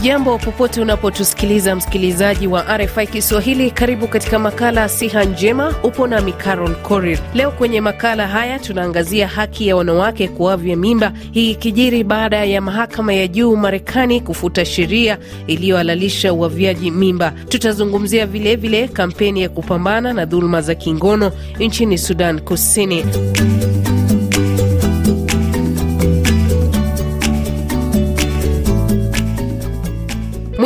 Hujambo popote unapotusikiliza, msikilizaji wa RFI Kiswahili, karibu katika makala Siha Njema. Upo nami Carol Korir. Leo kwenye makala haya tunaangazia haki ya wanawake kuavya mimba, hii ikijiri baada ya mahakama ya juu Marekani kufuta sheria iliyohalalisha uavyaji mimba. Tutazungumzia vilevile vile kampeni ya kupambana na dhuluma za kingono nchini Sudan Kusini.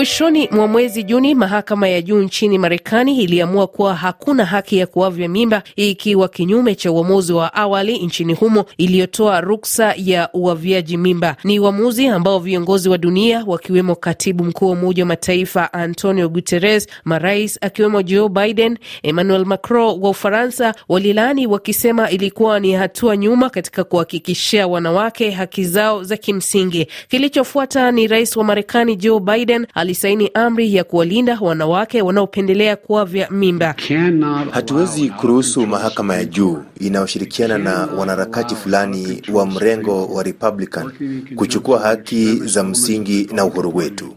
Mwishoni mwa mwezi Juni, mahakama ya juu nchini Marekani iliamua kuwa hakuna haki ya kuavya mimba, ikiwa kinyume cha uamuzi wa awali nchini humo iliyotoa ruksa ya uavyaji mimba. Ni uamuzi ambao viongozi wa dunia wakiwemo katibu mkuu wa Umoja wa Mataifa Antonio Guterres, marais akiwemo Joe Biden, Emmanuel Macron wa Ufaransa walilaani wakisema ilikuwa ni hatua nyuma katika kuhakikishia wanawake haki zao za kimsingi. Kilichofuata ni rais wa Marekani Joe Biden ali alisaini amri ya kuwalinda wanawake wanaopendelea vya mimba. Hatuwezi kuruhusu mahakama ya juu inayoshirikiana na wanaharakati fulani wa mrengo wa Republican kuchukua haki za msingi na uhuru wetu.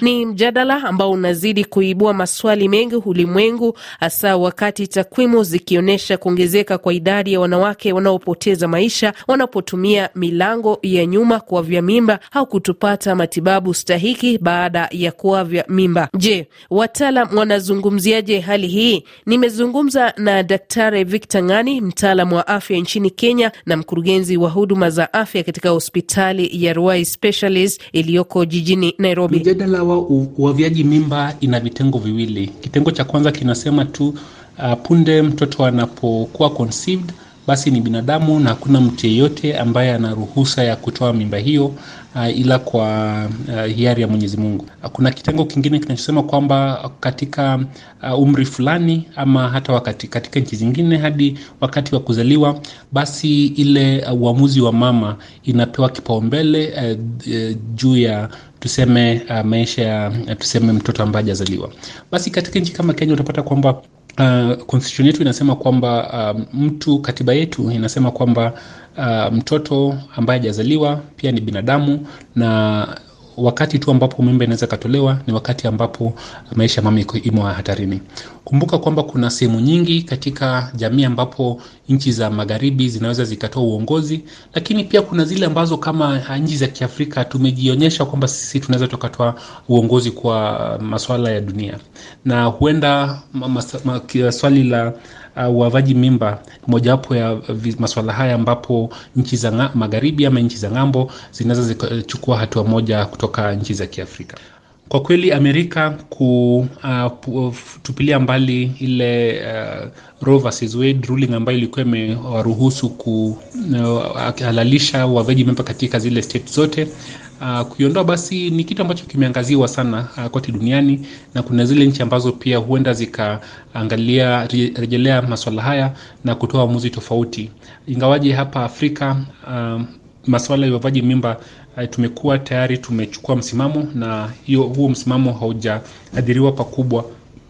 Ni mjadala ambao unazidi kuibua maswali mengi ulimwengu, hasa wakati takwimu zikionyesha kuongezeka kwa idadi ya wanawake wanaopoteza maisha wanapotumia milango ya nyuma vya mimba au kutopata matibabu stahiki baada baada ya vya mimba. Je, wataalam wanazungumziaje hali hii? Nimezungumza na Daktari Victor Ng'ani, mtaalam wa afya nchini Kenya na mkurugenzi wa huduma za afya katika hospitali ya Ruai Specialist iliyoko jijini Nairobi. Mjadala wa uavyaji mimba ina vitengo viwili. Kitengo cha kwanza kinasema tu uh, punde mtoto anapokuwa conceived basi ni binadamu na hakuna mtu yeyote ambaye ana ruhusa ya kutoa mimba hiyo uh, ila kwa uh, hiari ya Mwenyezi Mungu. Kuna kitengo kingine kinachosema kwamba katika uh, umri fulani ama hata wakati katika nchi zingine hadi wakati wa kuzaliwa, basi ile uh, uamuzi wa mama inapewa kipaumbele uh, uh, juu ya tuseme uh, maisha ya uh, tuseme mtoto ambaye hajazaliwa. Basi katika nchi kama Kenya utapata kwamba Uh, constitution yetu inasema kwamba uh, mtu katiba yetu inasema kwamba uh, mtoto ambaye hajazaliwa pia ni binadamu na wakati tu ambapo mimba inaweza ikatolewa ni wakati ambapo maisha mama imo hatarini. Kumbuka kwamba kuna sehemu nyingi katika jamii ambapo nchi za magharibi zinaweza zikatoa uongozi, lakini pia kuna zile ambazo kama nchi za Kiafrika tumejionyesha kwamba sisi tunaweza tukatoa uongozi kwa masuala ya dunia, na huenda ma, ma, ma, swali la uh, uavaji mimba mojawapo ya masuala haya ambapo nchi za magharibi ama nchi za ng'ambo zinaweza zikachukua hatua moja kutoka nchi za Kiafrika. Kwa kweli Amerika kutupilia uh, mbali ile uh, Roe versus Wade ruling ambayo ilikuwa imewaruhusu kuhalalisha uh, uavaji mimba katika zile state zote Uh, kuiondoa basi ni kitu ambacho kimeangaziwa sana uh, kote duniani na kuna zile nchi ambazo pia huenda zikaangalia rejelea masuala haya na kutoa uamuzi tofauti, ingawaje hapa Afrika uh, ah, masuala ya uvaji mimba tumekuwa tayari tumechukua msimamo na hiyo, huo msimamo haujaadhiriwa pakubwa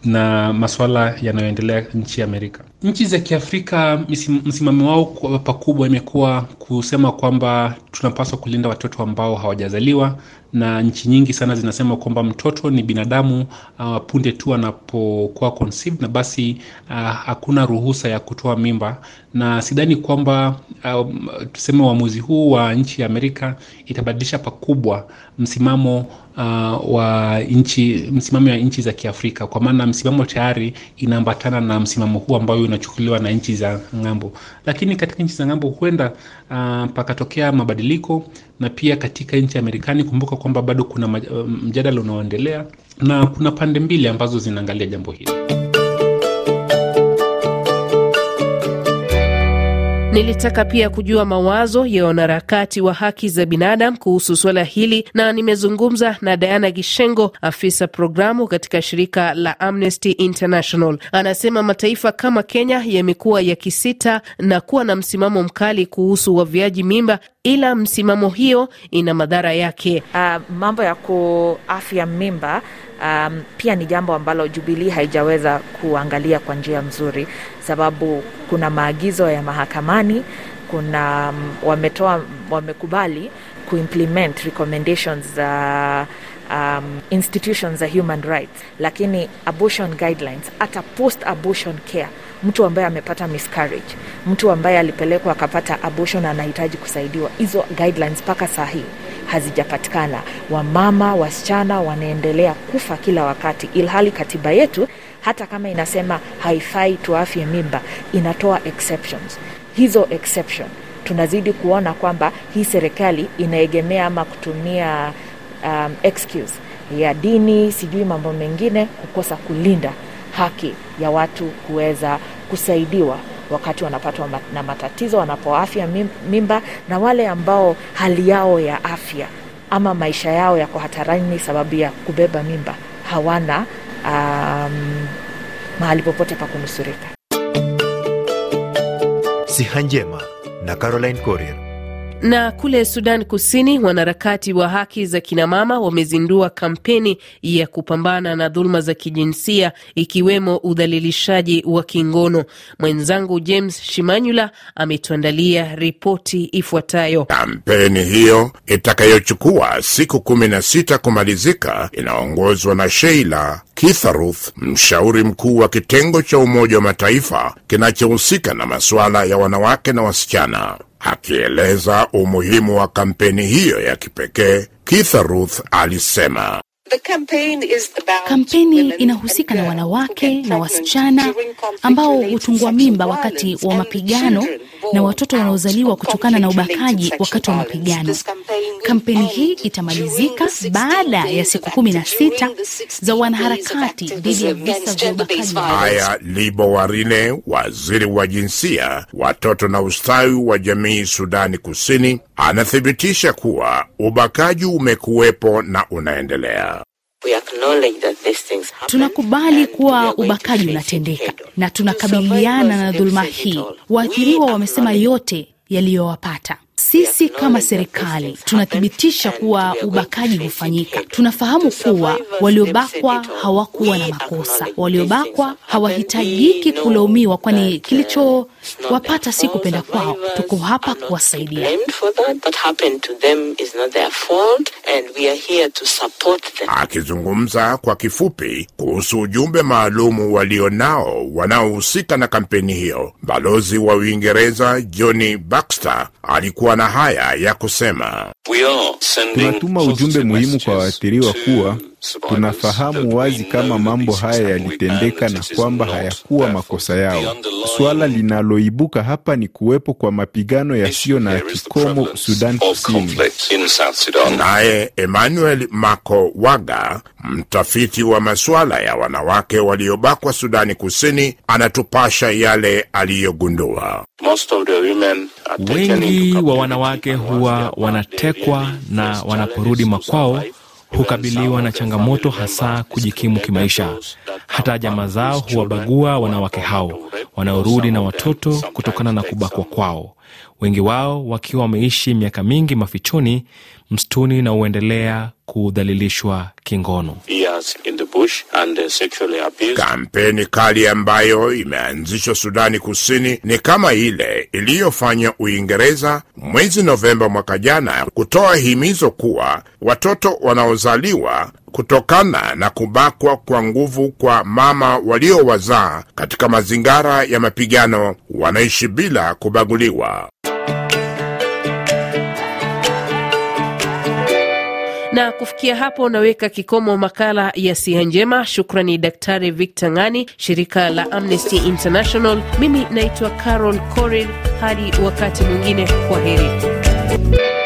na masuala yanayoendelea nchi ya Amerika. Nchi za Kiafrika msimamo wao pakubwa imekuwa kusema kwamba tunapaswa kulinda watoto ambao hawajazaliwa, na nchi nyingi sana zinasema kwamba mtoto ni binadamu uh, punde tu anapokuwa conceived, na basi uh, hakuna ruhusa ya kutoa mimba, na sidhani kwamba um, tuseme uamuzi huu wa nchi ya Amerika itabadilisha pakubwa msimamo uh, wa nchi msimamo ya nchi za Kiafrika, kwa maana msimamo tayari inaambatana na msimamo huu ambayo unachukuliwa na nchi za ng'ambo, lakini katika nchi za ng'ambo huenda uh, pakatokea mabadiliko, na pia katika nchi ya Marekani, kumbuka kwamba bado kuna mjadala unaoendelea na kuna pande mbili ambazo zinaangalia jambo hili. Nilitaka pia kujua mawazo ya wanaharakati wa haki za binadamu kuhusu suala hili, na nimezungumza na Diana Gishengo, afisa programu katika shirika la Amnesty International. Anasema mataifa kama Kenya yamekuwa yakisita na kuwa na msimamo mkali kuhusu waviaji mimba ila msimamo hiyo ina madhara yake. Uh, mambo ya kuafya mimba um, pia ni jambo ambalo jubilii haijaweza kuangalia kwa njia mzuri, sababu kuna maagizo ya mahakamani, kuna um, wametoa wamekubali kuimplement recommendations za uh, um, institutions za human rights, lakini abortion guidelines, hata post abortion care mtu ambaye amepata miscarriage, mtu ambaye alipelekwa akapata abortion anahitaji kusaidiwa. Hizo guidelines mpaka saa hii hazijapatikana. Wamama, wasichana wanaendelea kufa kila wakati, ilhali katiba yetu hata kama inasema haifai tuafye mimba, inatoa exceptions. Hizo exception tunazidi kuona kwamba hii serikali inaegemea ama kutumia um, excuse ya dini, sijui mambo mengine, kukosa kulinda haki ya watu kuweza kusaidiwa wakati wanapatwa na matatizo wanapoafya mimba na wale ambao hali yao ya afya ama maisha yao yako hatarani sababu ya kubeba mimba hawana um, mahali popote pa kunusurika. Siha Njema na Caroline corier na kule Sudan Kusini, wanaharakati wa haki za kinamama wamezindua kampeni ya kupambana na dhuluma za kijinsia ikiwemo udhalilishaji wa kingono. Mwenzangu James Shimanyula ametuandalia ripoti ifuatayo. Kampeni hiyo itakayochukua siku kumi na sita kumalizika inaongozwa na Sheila Kitharuth, mshauri mkuu wa kitengo cha Umoja wa Mataifa kinachohusika na masuala ya wanawake na wasichana. Akieleza umuhimu wa kampeni hiyo ya kipekee, Kitharuth alisema Kampeni inahusika na wanawake na wasichana ambao hutungwa mimba wakati wa mapigano na watoto wanaozaliwa kutokana na ubakaji wakati wa mapigano. Kampeni hii itamalizika baada ya siku kumi na sita za wanaharakati dhidi ya visa vya ubakaji. Haya, Libo Warine, waziri wa jinsia, watoto na ustawi wa jamii Sudani Kusini, anathibitisha kuwa ubakaji umekuwepo na unaendelea. Tunakubali kuwa ubakaji unatendeka na tunakabiliana na dhuluma hii. Waathiriwa wamesema yote yaliyowapata. Sisi kama serikali tunathibitisha kuwa ubakaji hufanyika. Tunafahamu kuwa waliobakwa hawakuwa na makosa, waliobakwa hawahitajiki kulaumiwa, kwani kilichowapata si kupenda kwao. Tuko hapa kuwasaidia. Akizungumza kwa kifupi kuhusu ujumbe maalumu walionao wanaohusika na kampeni hiyo, balozi wa Uingereza Johnny Baxter alikuwa kuwa na haya ya kusema: tunatuma ujumbe muhimu kwa waathiriwa kuwa Tunafahamu wazi kama mambo haya yalitendeka na kwamba hayakuwa makosa yao. Suala linaloibuka hapa ni kuwepo kwa mapigano yasiyo na kikomo Sudan Kusini. Naye Emmanuel Mako Waga, mtafiti wa masuala ya wanawake waliobakwa Sudani Kusini, anatupasha yale aliyogundua. Wengi wa wanawake huwa wanatekwa na wanaporudi makwao hukabiliwa na changamoto hasa kujikimu kimaisha. Hata jamaa zao huwabagua wanawake hao wanaorudi na watoto kutokana na kubakwa kwao wengi wao wakiwa wameishi miaka mingi mafichoni, msituni na huendelea kudhalilishwa kingono. Uh, Kampeni kali ambayo imeanzishwa Sudani Kusini ni kama ile iliyofanywa Uingereza mwezi Novemba mwaka jana, kutoa himizo kuwa watoto wanaozaliwa kutokana na kubakwa kwa nguvu kwa mama waliowazaa katika mazingara ya mapigano, wanaishi bila kubaguliwa. na kufikia hapo naweka kikomo makala ya siha njema. Shukrani Daktari Victor Ng'ani, shirika la Amnesty International. Mimi naitwa Carol Korir, hadi wakati mwingine, kwa heri.